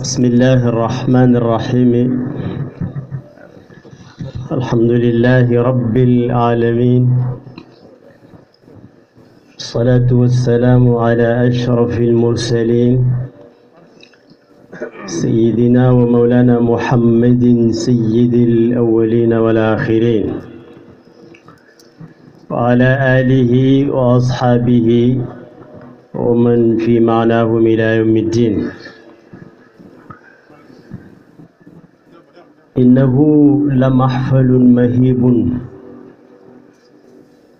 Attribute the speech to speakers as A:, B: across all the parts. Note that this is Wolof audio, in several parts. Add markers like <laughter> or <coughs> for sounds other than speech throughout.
A: بسم الله الرحمن الرحيم الحمد لله رب العالمين الصلاة والسلام على أشرف المرسلين سيدنا ومولانا محمد سيد الأولين والآخرين وعلى آله وأصحابه ومن في معناهم إلى يوم الدين innahu la maxfalun mahibun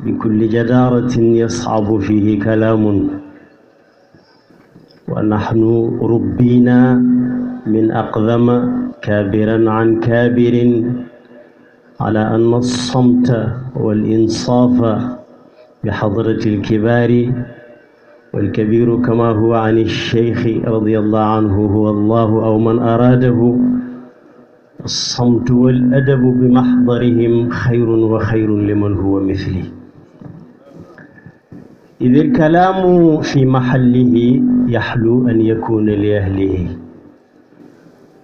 A: bikulli jadaaratin yascabu fihi kalaamun wa naxnu rubbina min aqdama kaabiran can kaabirin ala anna alsamta walinsaafa bixadrati alkibaari walkabiru kama huwa can alsheykhi radiallahu canhu huwa allahu aw man araadahu الصمت والأدب بمحضرهم خير وخير لمن هو مثلي إذ الكلام في محله يحلو أن يكون لأهله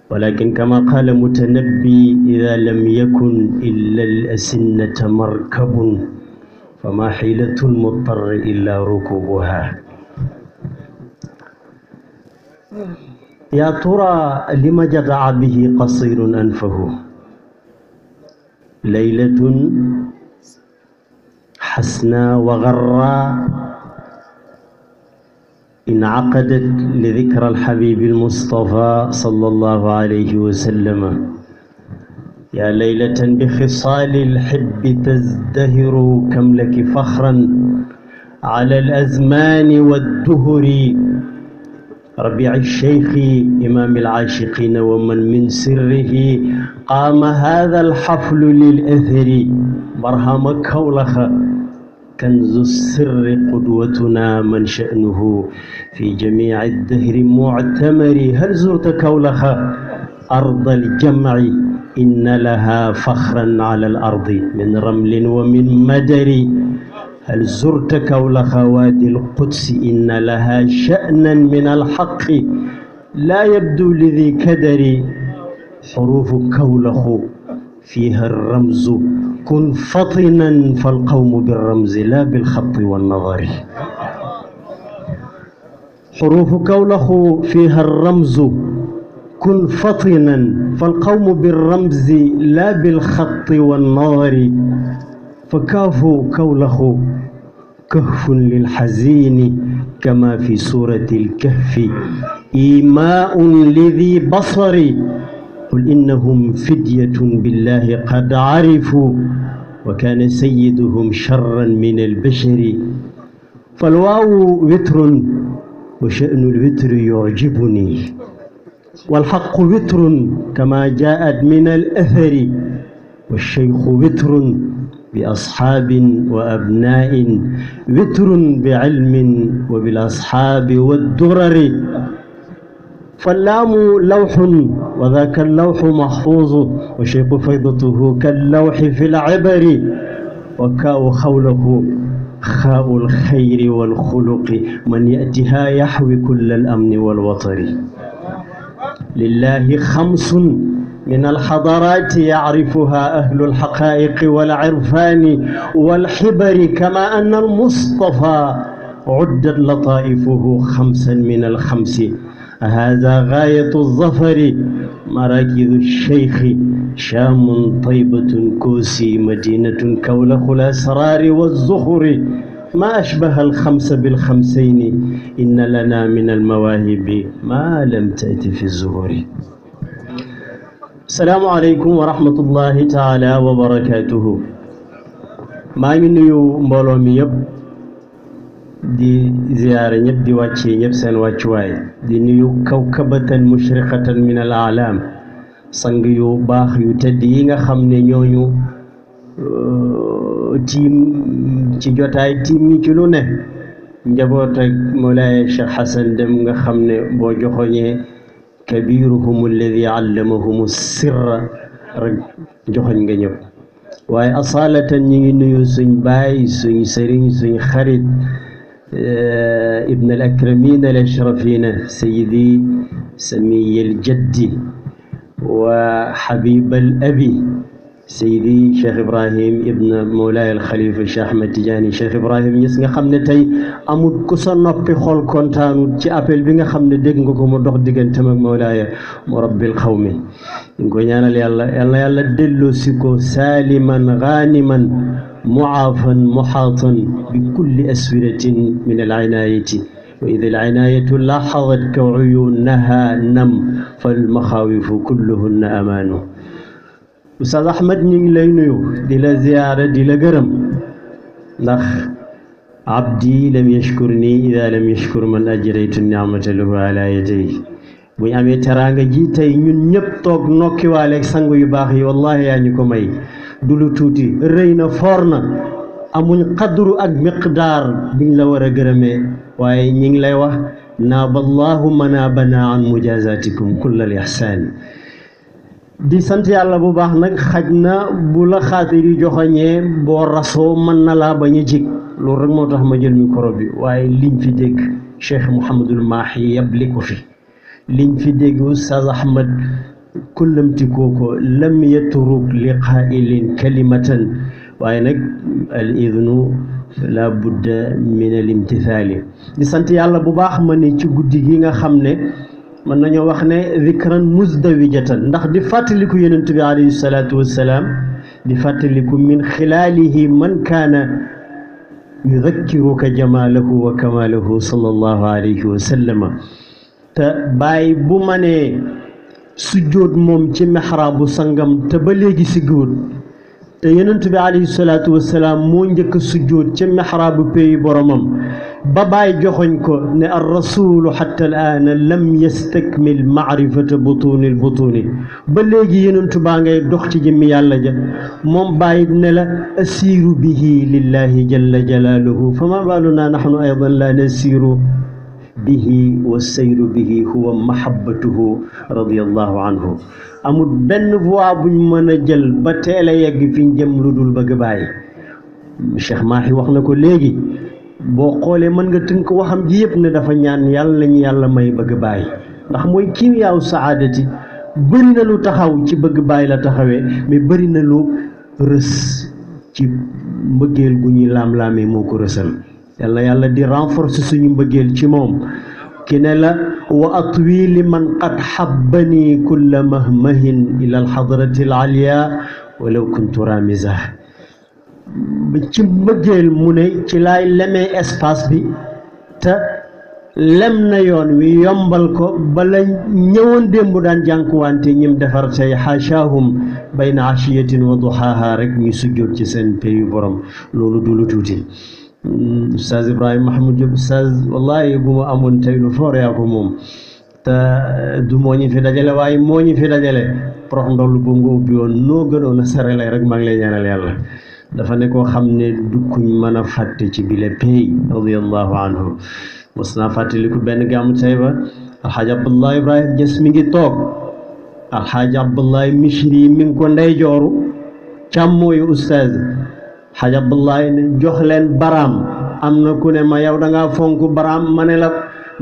A: ولكن كما قال متنبي إذا لم يكن إلا الأسنة مركب فما حيلة المضطر إلا ركوبها yaa tura lima jadaa bihi qasirun anfahu laylatun xasna wa garra inaqadat li dikra alxabibi almustafa sallallahu alayhi wa sallama yaa laylatan bi xisaali alxibbi tazdahiru kamlaki faxran ala alazmani wadduhuri ربيع الشيخ إمام العاشقين ومن من سره قام هذا الحفل للأثر برهم كولخ كنز السر قدوتنا من شأنه في جميع الدهر معتمر هل زرت كولخ أرض الجمع إن لها فخرا على الأرض من رمل ومن مدر هل زرت كولخ وادي القدس إن لها شأنا من الحق لا يبدو لذي كدر حروف كولخ فيها الرمز كن فطنا فالقوم بالرمز لا بالخط والنظر حروف كولخ فيها الرمز كن فطنا فالقوم بالرمز لا بالخط والنظر فكافوا كوله كهف للحزين كما في سورة الكهف إيماء لذي بصر قل إنهم فدية بالله قد عرفوا وكان سيدهم شرا من البشر فالواو وتر وشأن الوتر يعجبني والحق وتر كما جاءت من الأثر والشيخ وتر بأصحاب وأبناء وتر بعلم وبالأصحاب والدرر فاللام لوح وذاك اللوح محفوظ وشيق فيضته كاللوح في العبر وكاء خوله خاء الخير والخلق من يأتها يحوي كل الأمن والوطر لله خمس من الحضارات يعرفها أهل الحقائق والعرفان والحبر كما أن المصطفى عدت لطائفه خمسا من الخمس هذا غاية الظفر مراكز الشيخ شام طيبة كوسي مدينة كولخ الأسرار والزخر ما أشبه الخمس بالخمسين إن لنا من المواهب ما لم تأتي في الزهور salaamaaleykum wa rahmatullahi taala wa barakaatuhu maa ngi nuyu mbooloo mi yëpp di ziyaare ñëpp di wàcc ñëpp seen wàccuwaay di nuyu kawkabatan mushriqatan min al aalaam sang yu baax yu tedd yi nga xam ne ñooñu uh, tiim ci jotaay tiim ñi ci lu ne njaboot ak Moulaye Cheikh Hassan nga xam ne boo joxoñee kabiruhum alladi allamahumu sirra rek joxoñ nga ñëpp waaye asalatan ñi ngi nuyu suñ baay suñ sëriñ suñ xarit eh, ibn al akramin al ashrafina sayidi samiy al jaddi wa xabib al abi Seydi Cheikh Ibrahim ibn Mawlaay al Khalifa Cheikh Ahmed Tidiane Cheikh Ibrahim Niass nga xam ne tey amul ku sa noppi xool kontaanut ci appel bi nga xam ne dégg nga ko mu dox digganteem ak Mawlaaya mu rabbil xawmi ñu ko ñaanal yàlla yàlla yàlla delloo si ko saaliman gaaniman muaafan muxaatan bi kulli aswiratin min al inaayati وإذ العناية لاحظت كعيونها نم فالمخاوف كلهن أمان Oustaz Ahmed ñu ngi lay nuyu di la ziyaara di la gërëm ndax abdi lam yashkur nii ida lam yashkur man ajraytu ni'matahu ala yadayhi bu ñu amee teraanga ji tey ñun ñëpp toog nokkiwaaleeg sangu yu baax yi wallahi yaa ñu ko may du lu tuuti rëy na foor na amuñ qadru ak miqdaar biñ la war a gërëmee waaye ñi ngi lay wax naaba allahu manaabana an mujaazatikum kullal ihsaan di sant yàlla bu baax nag xaj na bu la xaatir yi joxoñee boo rasoo man na laa bañ a jig loolu rek moo tax ma jël micro bi waaye liñ fi dégg Cheikh Mouhamadul Mahi yabli ko fi liñ fi dégg Oustaz Ahmad kullamtikoo ko lam yaturuk li qaa'ilin kalimatan waaye nag al idnu la budda min al imtithaali di sant yàlla bu baax ma ne ci guddi gi nga xam ne mën nañoo wax ne zikran musdawijatan ndax di fàttaliku yonent bi alayhi salaatu wassalaam di fàttaliku min xilaalihi man kaana yudakkiruka jamaalahu wa kamaalahu sallallahu alayhi wa sallama te bàyyi bu ma nee sujjóot moom ci mexraabu sangam te ba léegi si gëwut te yonent bi alayhi salaatu wasalaam moo njëkk a sujjóot ca mexraabu péyi boromam ba baay joxoñ ko ne ar rasulu xatta al aana lam yastakmil maarifata butuuni l butuuni ba léegi yonent baa ngay dox ci jëmmi yàlla ja moom bàyyi ne la asiiru bihi lillahi jalla jalaaluhu fa ma baaluna nahnu aydan la nasiiru bihi wa sayru bihi huwa mahabbatuhu radiyallahu anhu amul benn voie buñ mën a jël ba teel a yegg fiñ jëm lu dul bëgg bàyyi Cheikh Mahi wax na ko léegi boo xoolee mën nga tënk waxam ji yëpp ne dafa ñaan yàlla ñu yàlla may bëgg bàyyi ndax mooy kiim yaaw saadati bëri na lu taxaw ci bëgg bàyyi la taxawee mais bëri na lu rës ci mbëggeel gu ñuy laam-laamee moo ko rësal yàlla yàlla di renforcer suñu mbëggeel ci moom ki ne la wa atwi li man qad xabbani kulla mahmahin ila alxadrati alalia walaw kuntu ramisa ci mbëggeel mu ne ci laay lemee espace bi te lem na yoon wi yombal ko bala ñëwoon démb daan jànkuwante ñim defar tey xaashaahum bayna ashiyatin wa duxaaha rek ñu ci seen peyu borom loolu du lu tuuti Oustaz mm, Ibrahima Mahmoud Diop Oustaz wallahi bu ma amoon tey lu foor yaa ko moom te eh, du moo ñu fi dajale waaye moo ñu fi dajale prox ndoll bu nga ubbi woon noo gënoon a sarale rek maa ngi lay ñaanal yàlla dafa ne koo xam ne dukkuñ mën a fàtte ci bile pay radiallahu anhu mos naa fàttaliku benn gàmmu tey ba alxaaj abdullah ibrahim mi ngi toog alxaaj abdullah mishri mi ngi ko ndey jooru càmmooyu oustaz xajabullaay ne jox leen baraam am na ku ne ma yow da fonk baraam ma ne la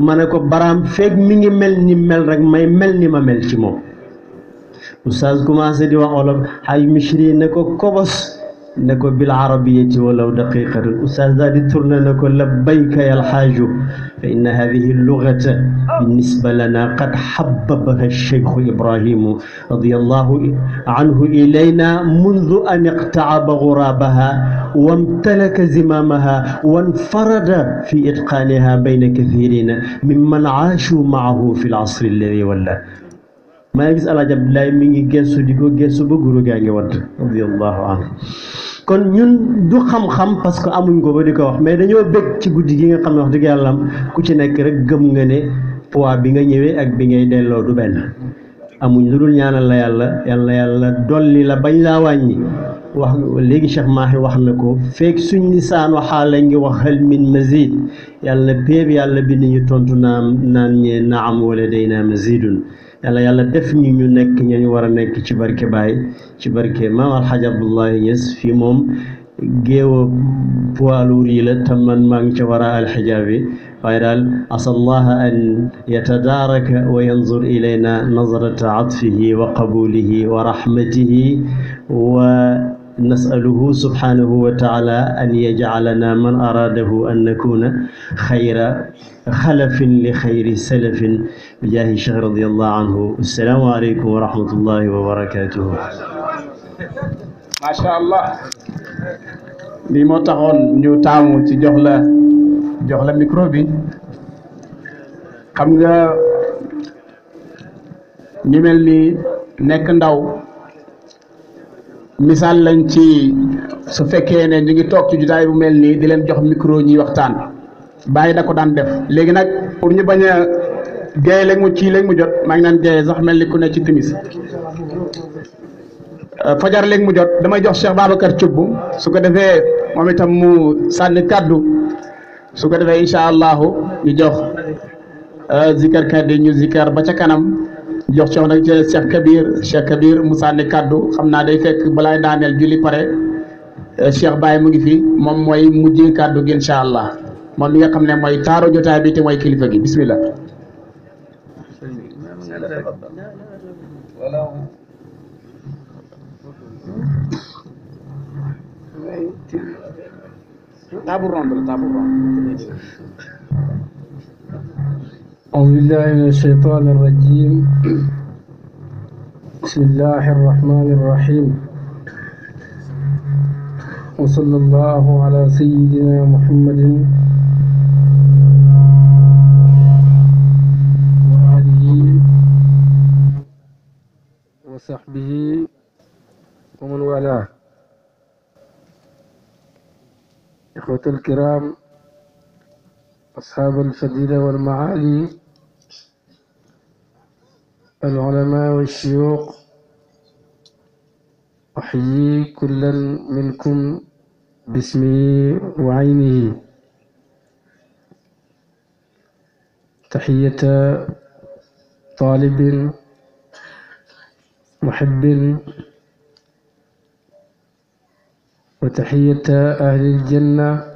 A: ma ne ko baraam feeg mi ngi mel ni mel rek may mel ni ma mel ci moom oustaz commencé di wax olof xaj misri ne ko kobos ne ko bil arabiyati walaw daqiqatan oustaz daal di tourné ne ko labbayka yal xaaju fa inna hadihi lugata binnisba lana qad xababaha cheikhu ibrahimu radiallahu anhu ilayna mundu an iqtaaba guraabaha wa amtalaka zimaamaha wa anfarada fi itqaaniha bayna kathirina mimman aashu maahu fi lasri alladi walla maa ngi gis Alaaji Abdoulaye mi ngi gestu di ko gestu ba guru gaa ngi wadd radiallahu anhu kon ñun du xam-xam parce que amuñ ko ba di ko wax mais dañoo bëgg ci guddi gi nga xam ne wax dëgg yàlla ku ci nekk rek gëm nga ne poids bi nga ñëwee ak bi ngay delloo du benn amuñ lu dul ñaanal la yàlla yàlla yàlla dolli la bañ laa wàññi wax léegi Cheikh Mahi wax na ko feek suñ lisaan waxaale ngi waxal min mazid yàlla péeb yàlla bi ni ñu tontu naam naan naa naam wala day naa mazidun yàlla yàlla def ñu ñu nekk ñañ war a nekk ci barke Baay ci barke maam Alxaaj Abdullahi Ñas fii moom géewa poiluur yi la te man maa ngi ca wara alxijaab yi waaye daal asallaha an yatadaaraka wa yanzur ilayna nazrata atfihi wa qabulihi wa rahmatihi wa nasaluhu subhanahu wa taala an yajcalana man araadahu an nakuna xayra xalafin li xayri salafin bi jaahi cheikh radiallahu anhu assalaamu aleykum wa rahmatullahi wa barakatuhu macha allah lii moo taxoon ñu taamu ci jox la jox la micro bi xam nga ñu mel ni nekk ndaw misaal lañ ci su fekkee ne ñu ngi toog ci jotaay bu mel nii di leen jox micro ñuy waxtaan bàyyi da ko daan def léegi nag pour ñu bañ a géeye léegi mu ci léegi mu jot maa ngi naan géeye sax mel ni ku ne ci timis euh, fajar léegi mu jot damay jox Cheikh Babacar Thioub su ko defee moom itam mu sànni kàddu su ko defee incha allahu ñu jox euh, zikar kàddu ñu zikar ba ca kanam jox coono ca Cheikh Kabir Cheikh kàddu xam naa day fekk balaay daaneel julli pare eh, Cheikh Baye mu ngi fi moom mooy mujj kàddu gi incha allah moom mi nga xam ne mooy taaru jotaay bi te mooy kilifa gi bismillah.
B: أعوذ بالله من الشيطان الرجيم بسم الله الرحمن الرحيم وصلى الله على سيدنا محمد وآله وصحبه ومن والاه إخوة الكرام أصحاب الفضيلة والمعالي العلماء والشيوخ أحيي كلا منكم باسمه وعينه تحية طالب محب وتحية أهل الجنة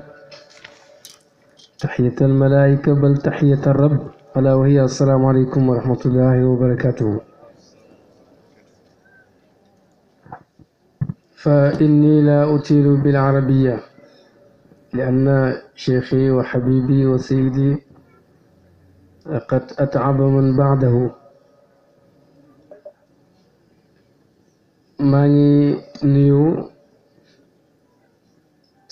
B: taxiyata almalaayika bal taxiyata rab alaa wa hiya assalaamu aleykum wa rahmatullahi wa barakaatuhu فإني لا أطيل بالعربية لأن شيخي وحبيبي وسيدي قد أتعب من بعده ماني نيو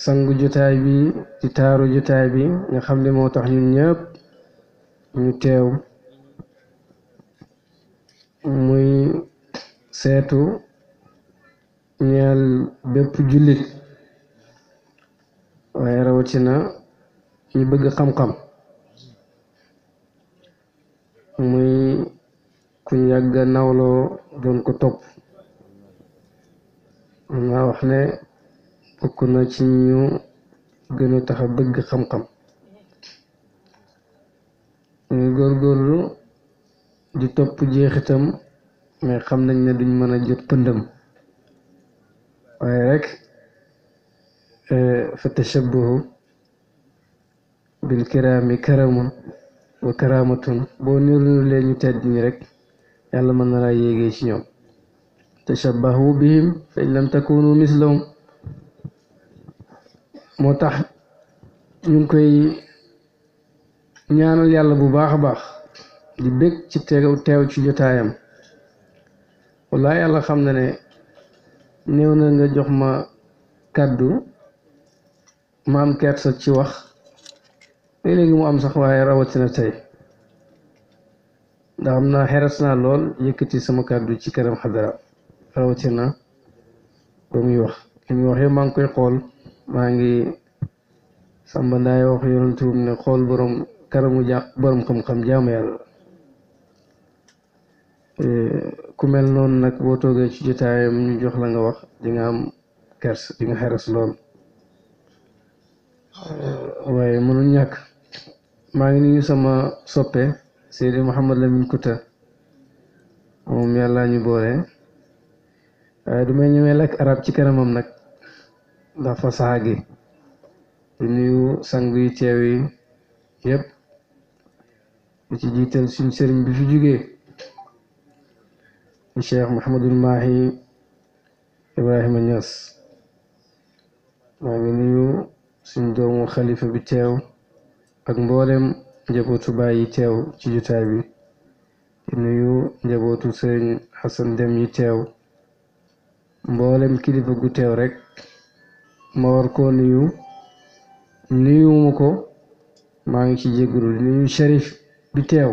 B: sangu jotaay bi ci jotaay bi nga xam ne moo tax ñun ñëpp ñu teew muy seetu ñeel bépp jullit waaye rawatina ñu bëgg xam-xam muy ku yàgg nawloo doon ko topp nga wax ne ko na ci ñu gën tax a bëgg xam-xam ñu góorgóorlu di topp jeexitam mais xam nañ ne duñ mën a jot pëndam waaye rek e, fa tashabbuhu bil kiraami karamun wa karaamatun boo niru leen ñu rek yàlla mën na laa yéegee ci ñoom tashabbahu bihim fa in lam takunu mislahum moo tax ñu koy ñaanal yàlla bu baax a baax di bég ci teew teew ci jotaayam wallaahi yàlla xam na ne néew na nga jox ma kàddu ma am kersa ci wax léeg-léegi mu am sax waaye rawatina tey ndax am naa xeres naa lool yëkkati sama kàddu ci kanam xadara rawatina ba muy wax li muy waxee maa ngi koy xool maa ngi samba ndaay wax yonent bi ne xool borom karamu ja borom xam-xam jaamu yàlla e, ku mel noonu nag boo toogee ci jotaayam ñu jox la nga wax di nga am kers di nga xeres lool e, waaye mënul ñakk maa ngi nuyu sama soppe Seydi Mouhamed Lamine Kouta moom yàlla ñu boole waaye du may lakk arab ci kanamam nag dafa fasaxa gi di sang yi teew yi yëpp i ci jiital suñ sëriñ bi fi jugee cheikh Mouhamadul Mahi Ibrahima Niass maa ngi nuyu suñ doomu xalifa bi teew ak mboolem njabootu baay yi teew ci jotaay bi di nuyu njabootu sëriñ Dem yi teew mboolem kilifa gu teew rekk ma war koo nuyu nuyuwuma ko maa ngi ci jégalu di nuyu shérif bi teew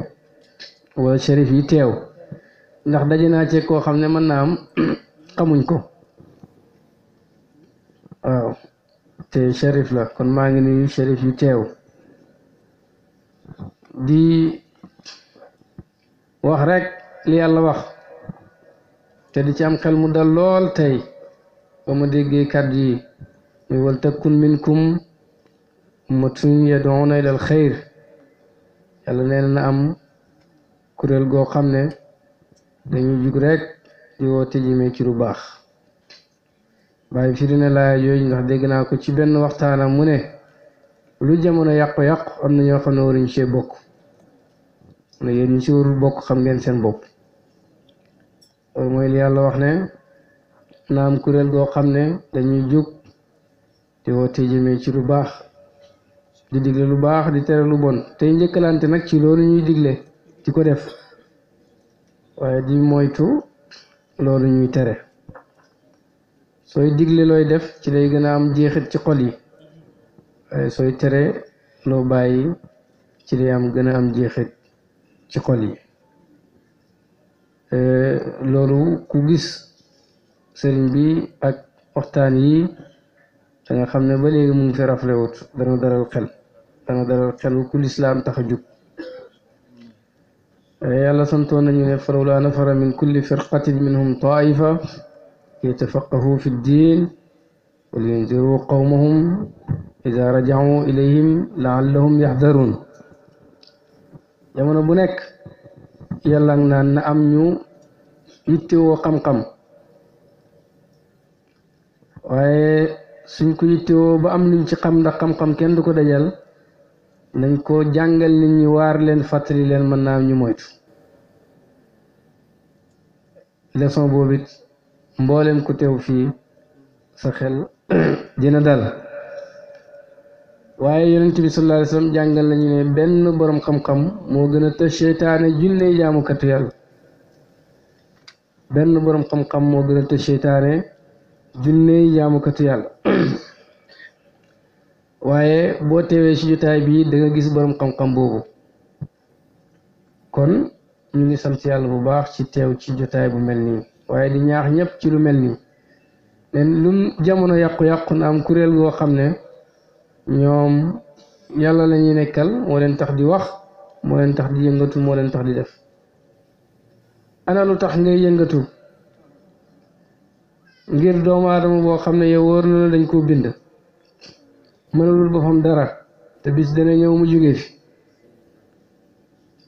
B: wala shérif yi teew ndax daje naa ceeg koo xam ne mën naa am <clears throat> xamuñ ko waaw te shérif la kon maa ngi nuyu shérif yi teew di wax rek li yàlla wax te di ci am xel mu dal lool tey ba ma déggee kàddu yi. muy wal takun minkum ummatun yad'una ilal xayr yàlla neen na am kuréel goo xam ne dañu jug rek di woote jëmee ci lu baax waaye firi na laaya yooyu ndax dégg naa ko ci benn waxtaanam mu ne lu jamono yàqu-yàqu am na ñoo bokk ne yéen xam ngeen seen bopp wax ne na am kuréel goo xam ne dañuy jug di woote jëmee ci lu baax di digle lu baax di tere lu bon tey njëkkalante nag ci loolu ñuy digle di ko def waaye di moytu loolu ñuy tere sooy digle looy def ci lay gën a am jeexit ci xol yi sooy tere loo bàyyi ci lay am gën a am jeexit ci xol loolu ku gis sëriñ bi ak waxtaan yi te nga xam ne ba léegi mu ngi fi rafle wut dana dalal xel dana dalal xel ku lislaam tax a jug yàlla santoon nañu ne falawlaa nafara min kulli firqatin minhum taifa yatafaqahu fi ddin wa linziru qawmahum ida rajacu ilayhim laallahum yaxdaruun jamono bu nekk yàlla naan na am ñu yittewoo xam-xam waaye suñ ko yittewoo ba am luñ ci xam ndax xam-xam kenn du ko dajal nañ ko jàngal nit ñi waar leen fàttali leen mën naa am ñu moytu leçon boobu it mbooleem ku teew fii sa xel <clears throat> dina dal waaye yonent bi sallallahu alayhi wasallam jàngal nañu ne benn borom xam-xam moo gën a tëj seytaane junney jaamukatu yàlla benn borom xam-xam moo gën a tëj seytaane junne jaamukatu yàlla waaye boo teewee ci jotaay bii danga gis borom xam-xam boobu kon ñu ngi sant yàlla bu baax ci teew ci jotaay bu mel nii waaye di ñaax ñépp ci lu mel nii len lu jamono yàqu-yàqu na am kuréel goo xam ne ñoom yàlla la ñuy nekkal moo leen tax di wax moo leen tax di yëngatu moo leen tax di def ana lu tax ngay yëngatu ngir doomu aadama boo xam ne yow wóor na dañ koo bind mënalul boppam dara te bis dana ñëw mu jóge fi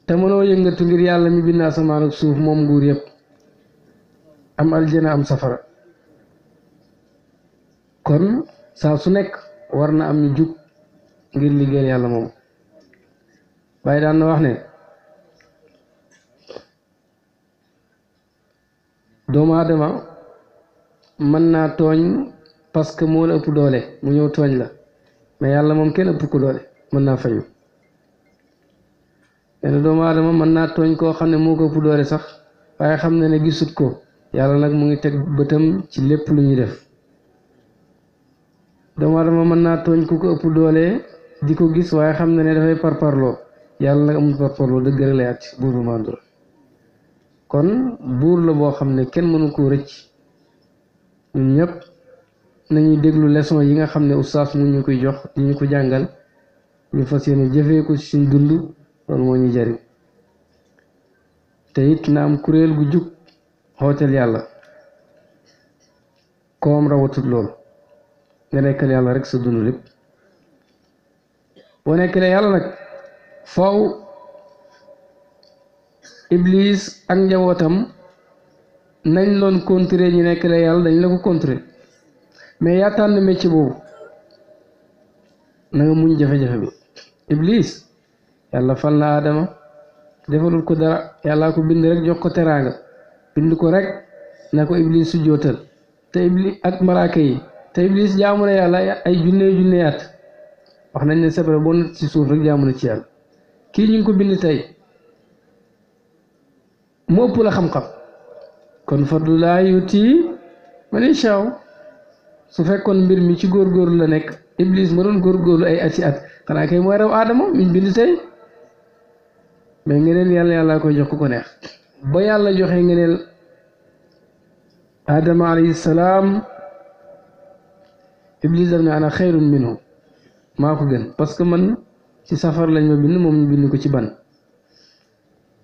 B: te mënoo yëngatu ngir yàlla mi bind asamaan ak suuf moom nguur yépp am aljana am safara kon saa su nekk war na am ñu jug ngir liggéeyal yàlla moom waaye daan na wax ne doomu aadama mën naa tooñ parce que moo la ëpp doole mu ñëw tooñ la mais yàlla moom kenn ëpp ko doole mën naa fayu benn doomu aadama mën naa tooñ koo xam ne moo ko ëpp doole sax waaye xam na ne gisut ko yàlla nag mu ngi teg bëtam ci lépp lu ñuy def doomu aadama mën naa tooñ ku ko doole di ko gis waaye xam na ne dafay parparloo yàlla nag amul parparloo dëgg rek lay at buur bu màndu la kon buur la boo xam ne kenn mënu koo rëcc ñun ñëpp nañuy déglu leson yi nga xam ne oustaz mu ñu koy jox di ñu ko jàngal ñu fas yéene jëfee ko ci suñ dund loolu moo ñu jariñ te it na am kuréel gu jub xooteel yàlla koom rawatut lool nga nekkal yàlla rek sa dund lépp boo nekkalee yàlla nag faaw iblis ak njabootam nañ loon contrer ñu nekk la yàlla dañ la ko contrer mais yaa tànn métier boobu na nga muñ jafe-jafe bi iblis yàlla fal na aadama defalul ko dara yàlla ko bind rek jox ko teraanga bind ko rek na ko iblis su jootal te iblis ak maraaka yi te iblis jaamu yàlla ay junne junne at wax nañ ne sabra boo nat ci suuf rek jaamu ci yàlla kii ñu ko bind tey mu ëpp la xam-xam kon fadlu laa yuti man inchaaw su fekkoon mbir mi ci góor góorgóorlu la nekk iblis ma doon góorlu ay ati at xanaa kay mooy raw aadama miñ bind tey mais ngeneen yàlla yàlla koy jox ku ko neex ba yàlla joxe ngeneel aadama alayhi salaam iblis daf ne ana xayrun minhu maa ko gën parce que man ci safar lañ ma bind moom ñu bind ko ci ban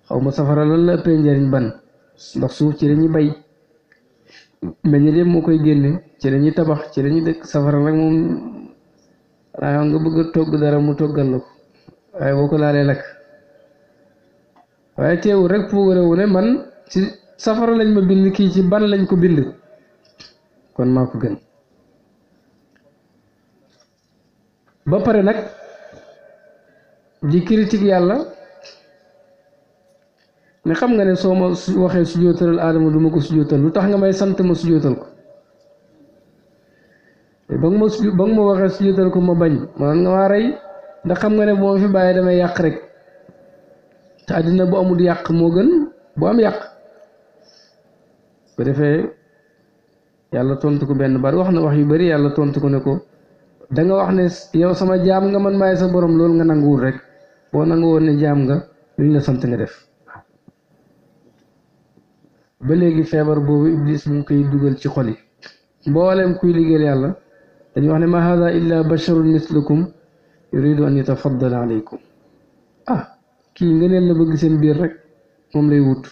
B: xaw ma safara lan la ëppee njëriñ ban ndax suuf ci lañuy bay meññal yëpp moo koy génne ci lañuy tabax ci lañuy dëkk safara nag moom laa nga bëgg a togg dara mu toggal na ko waaye boo ko laalee lakk waaye teewul rek puugare wu ne man ci safara lañ ma bind kii ci ban lañ ko bind kon maa ko gën ba pare nag di critique yàlla ne xam nga ne soo ma waxee sujootalal aadama du ma ko sujootal lu tax nga may sant ma sujootal ko ba nga ma ba ma waxee sujootal ko ma bañ ma nga maa rey ndax xam nga ne boo ma fi bàyyee damay yàq rek te àddina bu amul yàq moo gën bu am yàq bu defee yàlla tontu ko benn bari wax na wax yu bari yàlla tontu ko ne ko da nga wax ne yow sama jaam nga man may sa borom loolu nga nanguwul rek boo nangu woon ne jaam nga luñ la sant nga def ba léegi feebar boobu iblis mu ngi koy dugal ci xol yi mbooleem kuy liggéeyal yàlla dañuy wax ne ma hada illa basharun mislukum yuridu an yatafaddala alaykum ah kii ngëneel la bëgg seen biir rek moom lay wut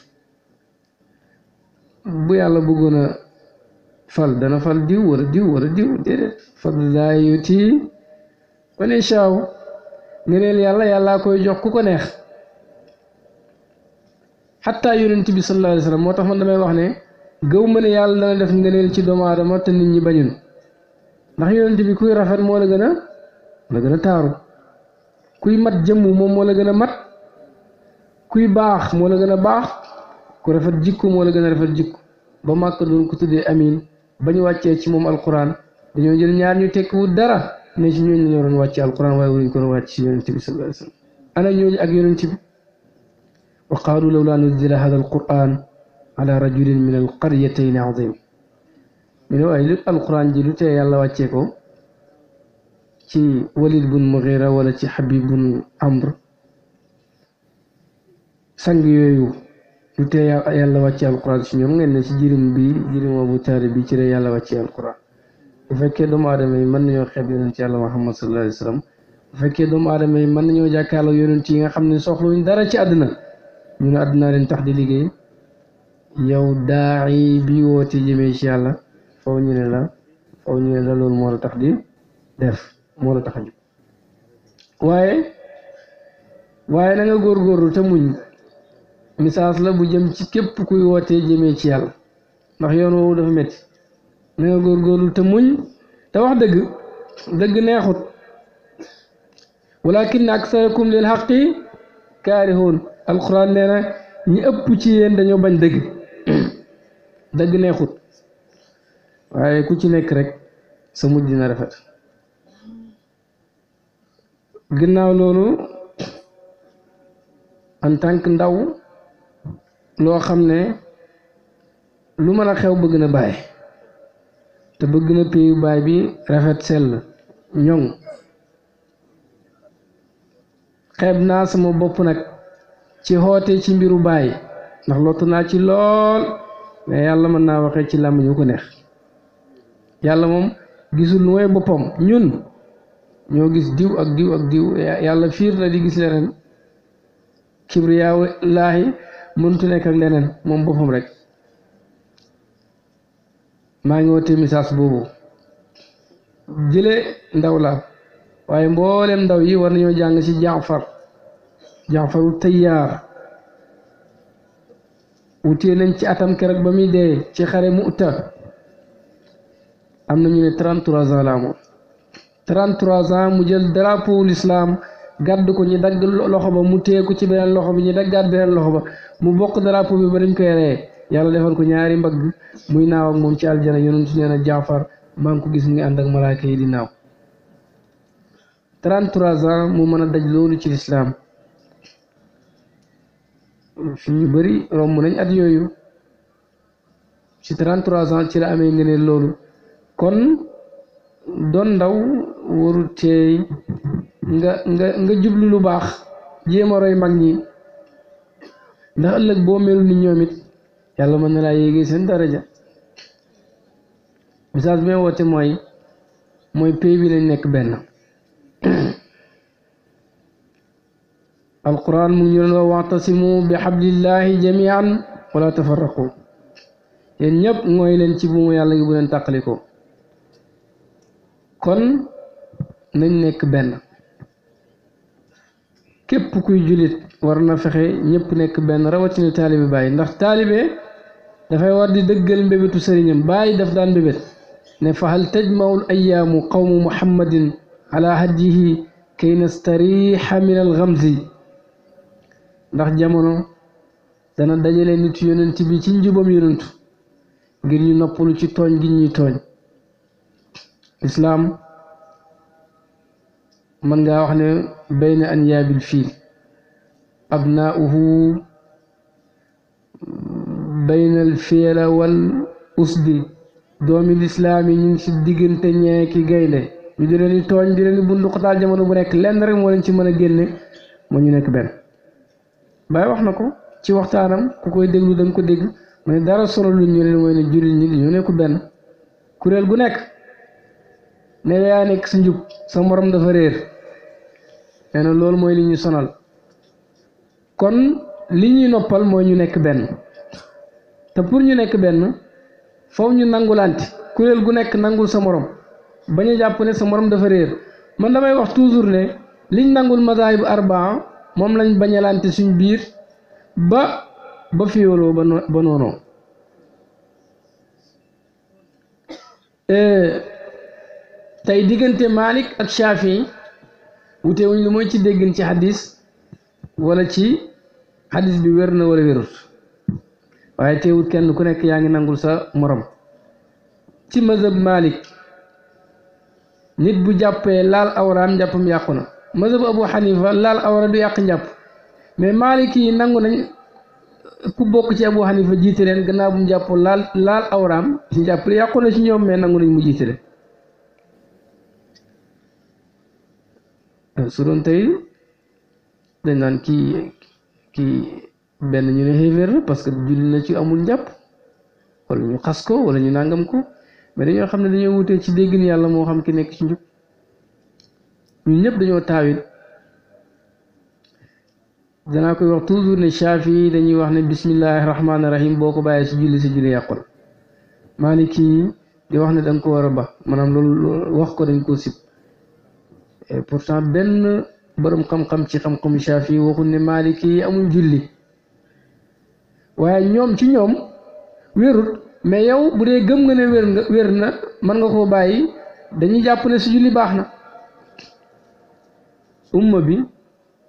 B: bu yàlla bëggoon a fal dana fal diw wala diw wala diw déedéet fadlaa yuti ko ne shaaw ngëneel yàlla yàllaa koy jox ku ko neex xattaa yonent bi sallallahu alayhi wa sallam moo tax man damay wax ne gëw ma ne yàlla dana def ngëneel ci doomu aadama te nit ñi bañun ndax yonent bi kuy rafet moo la gën a la gën a taaru kuy mat jëmm moom moo la gën a mat kuy baax moo la gën a baax ku rafet jikku moo la gën a rafet jikku ba màkk doon ko tuddee amin ba ñu wàccee ci moom alquran dañoo jël ñaar ñu tekkiwul dara ne ci ñooñu la ñu waroon wàcce alquran waaye waruñ ko wàcc ci yonent bi sallallahu alayhi wa sallam ana ñooñu ak yonent bi wa qaalu lawlaa nuzila hada alquran ala rajulin min alqaryatayn azim ñu ne waaye lu alquran ji lu tee yàlla wàccee ko ci walid bun mugira wala ci habib bun amr sang yooyu lu tee yàlla wàccee alquran si ñoom ngeen si jirim bi jirim abu taalib bi ci la yàlla wàccee alquran bu fekkee doomu aadama yi mën nañoo xeeb yonent yàlla muhammad sallallahu alayhi wa dara ci àdduna ñu ne àdduna leen tax di liggéey yow daayi bi woote jëmee ci yàlla faw ñu ne la faw ñu ne la loolu moo la tax di def moo la tax a jóg waaye waaye na nga góorgóorlu te muñ message la bu jëm ci képp kuy wootee jëmee ci yàlla ndax yoon woowu dafa métti na nga góorgóorlu te muñ te wax dëgg dëgg neexut walakin aksarakum lil xaqi kaarihoon alxuraan nee na ñi ëpp ci yéen dañoo bañ dëgg <coughs> dëgg neexut waaye ku ci nekk rek sa mujj dina rafet ginnaaw loolu en tant ndaw loo xam ne lu mën a xew bëgg na baay te bëgg na péyu baay bi rafet sell ñoŋ xeeb naa sama bopp nag ci xoote ci mbiru bàyyi ndax lottu naa ci lool mais yàlla mën naa waxee ci làmmiñ ñu ko neex yàlla moom gisul lu mooy boppam ñun ñoo gis diw ak diw ak diw yàlla fiir na di gis leneen kibriyaa laahi mënutu nekk ak leneen moom boppam rek maa ngi wootee misaas boobu jële ndaw la waaye mboolem ndaw yi war nañoo jàng ci Jaafar jaxfaru tayyaar wutee nañ ci atam keroog ba muy dee ci xare uta am nañu ne 33 ans la amoon 33 ans mu jël drapeau l'islam gàdd ko ñu dagg loxo ba mu teeku ci beneen loxo bi ñu daggaat beneen loxo ba mu bokk drapeau bi ba dañ koy ree yàlla defal ko ñaari mbagg muy naaw ak moom ci aljana yonent nee na jaafar maa ngi ko gis ngi ànd ak malaaka yi di naaw 33 ans mu mën a daj loolu ci lislaam fi ñu bëri romb nañ at yooyu ci 33 ans ci la amee ngëneel loolu kon doon ndaw waru teey nga nga nga jublu lu baax jéem a roy mag ñi ndax ëllëg boo melu ni ñoom it yàlla mën na laa yéegee seen daraja message bi woote mooy mooy pays bi lañ nekk benn alquran mu ngi ñu doon waxtasimu bi xablillahi jamian wala tafarraqu yéen ñëpp mooy leen ci buumu yàlla gi bu leen tàqaliko kon nañ nekk benn képp kuy jullit war na fexe ñëpp nekk benn rawatina taalibe Baay ndax taalibe dafay war di dëggal mbébétu sëriñam Baay daf daan mbébét ne fa hal tajmaul ayaamu qawmu muhammadin ala hadihi kay nastariixa min alxamsi ndax jamono dana dajale nit yonent bi ci njubam yonent ngir ñu noppalu ci tooñ gi ñuy tooñ islaam mën ngaa wax ne bayna an yaabil fiil abnaauhu bayna al fiela wal usdi doomi lislaam yi ñu ngi ci diggante ñeeki gaynde ñu di leen di tooñ di leen di bunduxataal jamono bu nekk lenn rek moo leen ci mën a génne moo ñu nekk benn Baye wax na ko ci waxtaanam ku koy déglu da nga ko dégg mu dara solo lu ñu leen mooy ne jullit ñi ñoo nekku benn kuréel gu nekk ne yaa nekk si sa morom dafa réer nee na loolu mooy li ñu sonal kon li ñuy noppal mooy ñu nekk benn te pour ñu nekk benn foofu ñu nangulante kuréel gu nekk nangul sa morom bañ jàpp ne sa morom dafa réer man damay wax toujours ne liñ nangul mazahib arbaa moom lañ bañalante suñ biir ba ba fiyooloo ba ba noonoo e, tey diggante Malik ak Shaafi wute wuñ lu mooy ci déggin ci xadis wala ci xadis bi wér na wala wérut waaye teewut kenn ku nekk yaa ngi nangul sa morom ci mazhab Malik nit bu jàppee laal awraam njàppam yàqu na mazhabu Abu Hanifa laal awra du yàq njàpp mais maaliki yi nangu nañ ku bokk ci Abu Hanifa jiite leen gannaaw mu jàpp laal laal awraam ci njàpp yàqu na ci ñoom mais nangu mu jiite dañ naan kii benn ñu ne xéeféer la parce que julli na ci amul njàpp wala ñu xas ko wala ñu nangam ko mais dañoo xam ne dañoo wutee ci dégg ni yàlla moo xam ki nekk ci njub ñun ñëpp dañoo taawil danaa koy wax toujours ne Shaafi dañuy wax ne bismillahi rahmaani rahim boo ko bàyyee si julli si julli yàqul Maaliki di wax ne da ko war a ba maanaam loolu wax ko dañ koo sib pourtant benn borom xam-xam ci xam-xamu Shaafi waxul ne Maaliki yi amul julli waaye ñoom ci ñoom wérut mais yow bu dee gëm nga ne wér wér na mën nga koo bàyyi dañuy jàpp ne si julli baax na. umma bi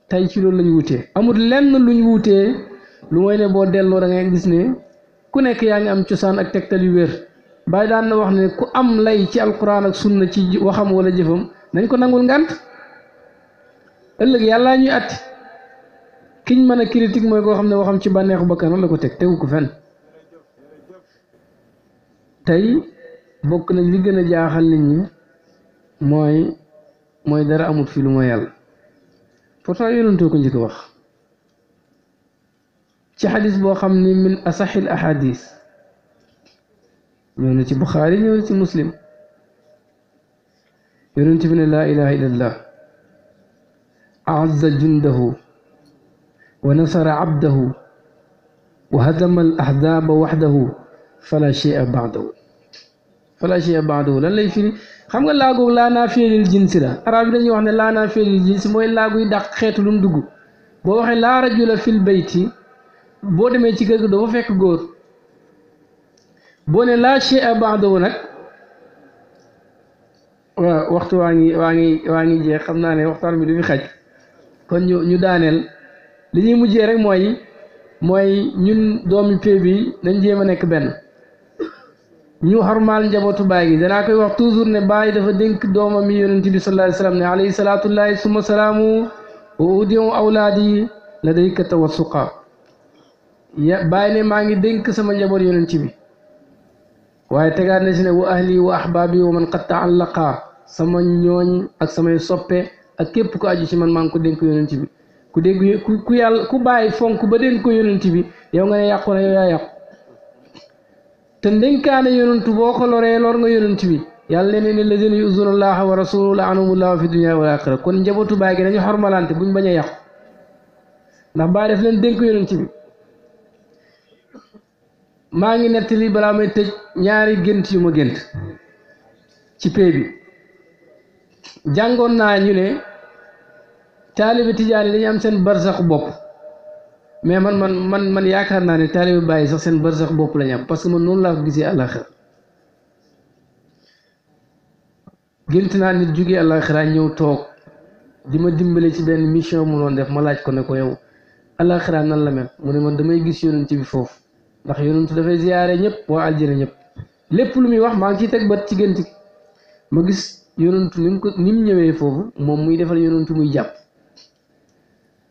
B: tey ci loolu la ñu wutee amul lenn lu ñu wutee lu mooy ne boo delloo da ngay gis ne ku nekk yaa ngi am cosaan ak tegtal yu wér bàyyi daan na wax ne ku am lay ci alquran ak sunna ci waxam wala jëfam nañ ko nangul ngant ëllëg yàlla ñuy atti kiñ mën a critique mooy koo xam ne waxam ci bànneexu bakkanam la ko teg tegu ko fenn tey bokk nañ li gën a jaaxal nit ñi mooy mooy dara amul fi lu mooy yàlla pourtant yonentoo ko njëkk wax ci xadis boo xam ni min asaxil ahadis ñëw na ci buxaari ñëw na ci muslim yonent bi ne laa ilaha illallah azza jundahu wa nasara abdahu wa hadama al ahdaaba waxdahu fala shay'a ba'dahu fala shay'a ba'dahu lan lay firi xam nga laagu laa naa fiilil jinsi la arab yi dañuy wax ne laa naa fiilil jinsi mooy laaguy dàq xeetu lu dugg boo waxee laa rajula fil bayti boo demee ci kër gi doo fekk góor boo ne laa shay'a ba'dahu nag waaw waxtu waa ngi waa ngi waa ngi jeex xam naa ne waxtaan bi du fi xaj kon ñu ñu daaneel li ñuy mujjee rek mooy mooy ñun doomi pé bi dañ jéem a nekk benn ñu xormaal njabootu baay gi danaa koy wax toujours ne baay dafa dénk doomam yi yonent bi sallallahu alayhi wasallam ne alayhi salaatullahi summa salaamu wa udiu awlaadi la dayka tawassuqa baay ne maa ngi dénk sama njaboot yonent bi waaye tegaat na si ne wa ahli wa ahbaabi wa man qad taallaqa sama ñooñ ak samay soppe ak képp ku aju ci man maa ngi ko dénk yonent bi ku dégg fonk ba dénk ko yonent ne yàqu na yow te ndénkaane yonantu boo ko loree nga yonant bi yàlla ne ne lazina yuzuuna allaha wa rasulahu laanahumullahu fi dunya wal axira kon njabootu baay gi dañu xormalante buñ bañ a yàqu ndax baay daf leen dénk yonant bi maa ngi nettali balaa may tëj ñaari gént yu ma gént ci pay bi jàngoon naa ñu ne taalibe tijaani dañu am seen barsaxu bopp mais man man man man yaakaar naa ne taalibe bàyyi sax seen bër sax bopp la ñu parce que man noonu laa ko gisee àllaaxira gént naa nit jógee àllaaxira ñëw toog di ma dimbale ci benn mission mu doon def ma laaj ko ne ko yow àllaaxira nan la mel mu ne man damay gis yonent bi foofu ndax yonent dafay ziyaare ñëpp waa aljana ñëpp lépp lu muy wax maa ngi ciy teg bat ci gént ma gis yonent ni mu ko ni ñëwee foofu moom muy defal yonent muy jàpp.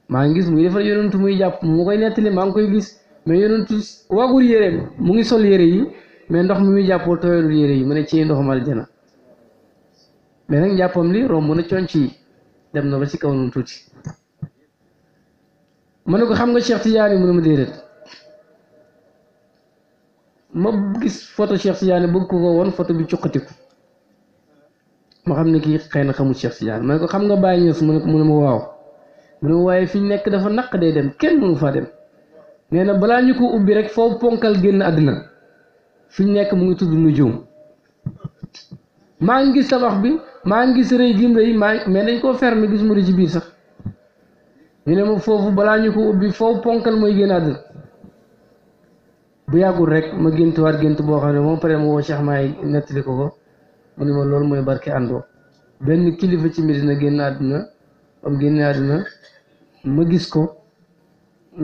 B: maa ngi gis muy defar yonentu muy jàpp mu koy nettali maa ngi koy gis mais yonentu waagul yére mu ngi sol yére yi mais ndox mi muy jàppoo tooyalul yére yi mu ne ci ndoxum aljana mais nag jàppam li romb na conc dem na ba ci kaw tuuti ma ne ko xam nga Cheikh Tidiane mu ne ma déedéet ma gis photo woon photo bi cuqatiku ma xam ne kii xëy na xamul Cheikh Tidiane ma ne ko xam nga Baye Niass mu ne mu waaw mu waaye fi ñu nekk dafa naq dee dem kenn mënu faa dem nee na balaa ñu ko ubbi rek foofu ponkal génn àdduna fi ñu nekk mu ngi tudd nu juum maa ngi gis tabax bi maa ngi gis rëy gim rëy maa mais dañ koo fermé gis mu di ci biir sax ñu ne ma foofu balaa ñu ko ubbi foofu ponkal mooy génn àddina bu rek ma géntuwaat gént boo xam ne moom pare ma woo Cheikh ko ko mu ne ma loolu mooy barke àndoo benn kilifa ci Medina génn àddina am génn àddina ma gis ko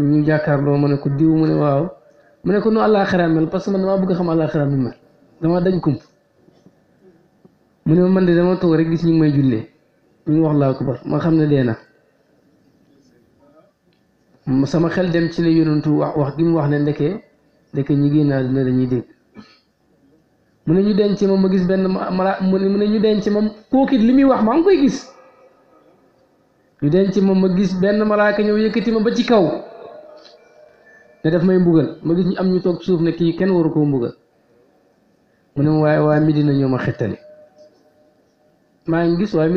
B: ñu jàkkaarloo ma ne ko diw mu ne waaw mu ne ko noonu àllaaxira mel parce que man damaa bëgg xam àllaaxira bi mel damaa dañ kump mu ne ma man de dama toog rek gis ñu may jullee ñu wax laa ko bar ma xam ne dee na sama xel dem ci ne yonantu wax wax gi mu wax ne ndeke ndeke ñi génn àdduna dañuy dégg mu ne ñu denc ma ma gis benn mala mu ne ñu denc ma kooku it li muy wax maa ngi koy gis. ñu denc ma ma gis benn malaaka ñëw yëkkati ma ba ci kaw ne daf may mbugal ma gis ñu am ñu toog suuf ne kii kenn waru koo mbugal mu ne ma waaye waa ñoo ma xettali maa ngi gis waaye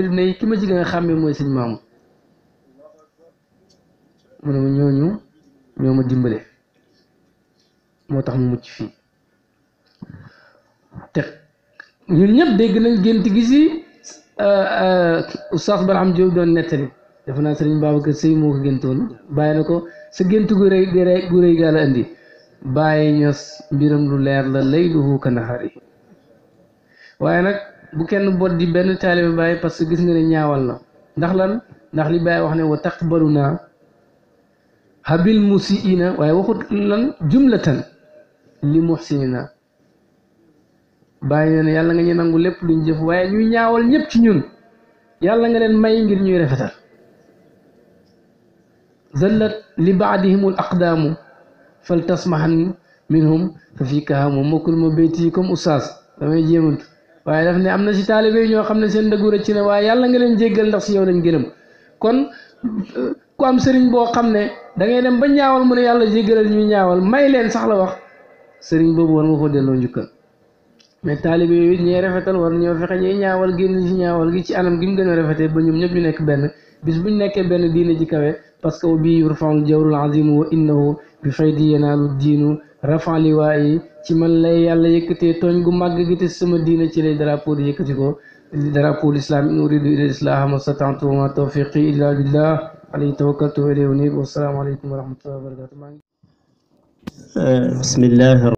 B: ma ci gën a mooy sëñ maamu mu ma ñooñu ñoo ma dimbale moo tax mu mucc fii te ñun ñëpp dégg nañ gént gi si euh, euh, Oustaz Barham doon nettali defe naa sëriñ Babacar Sy moo ko géntoon bàyyi na ko sa gént gu rëy gu rëy gaa la andi bàyyi ños mbiram lu leer la lay lu huuka naxari waaye nag bu kenn bot di benn taalibe bàyyi parce que gis nga ne ñaawal na ndax lan ndax li bàyyi wax ne wa taqbalu naa habil musiina waaye waxut lan jumlatan li muxsinina bàyyi ne yàlla nga ñu nangu lépp luñ jëf waaye ñuy ñaawal ñëpp ci ñun yàlla nga leen may ngir ñuy rafetal zallat li baadihim al aqdaamu fal tasmahan minhum fa fii kaha moom mokkul ma béyti yi comme oustaz damay jéemantu waaye daf ne am na si taalibe yi ñoo xam ne seen dëggu rëcc na waaye yàlla nga leen jéggal ndax si yow lañ gërëm kon ku am sëriñ boo xam ne da ngay dem ba ñaawal mu ne yàlla jéggalal ñu ñaawal may leen sax la wax sëriñ boobu war nga ko delloo njukkal mais taalibe yooyu ñee rafetal war ñoo fexe ñuy ñaawal génn si ñaawal gi ci anam gi mu gën a rafetee ba ñoom ñëpp ñu nekk benn bis buñ nekkee benn diine ji kawe parce que bi yurfaul jawrul azim wa innahu bi faydi yanaalu diinu rafan liwaayi ci man lay yàlla yëkkatee tooñ gu màgg gi te sama diina ci lay drapeau di yëkkati ko drapeau l'islam in uridu ila islaha ma stata'tu wa ma illa billah alayhi tawakkaltu wa ilayhi unib wassalaamu aleykum wa
A: bismillah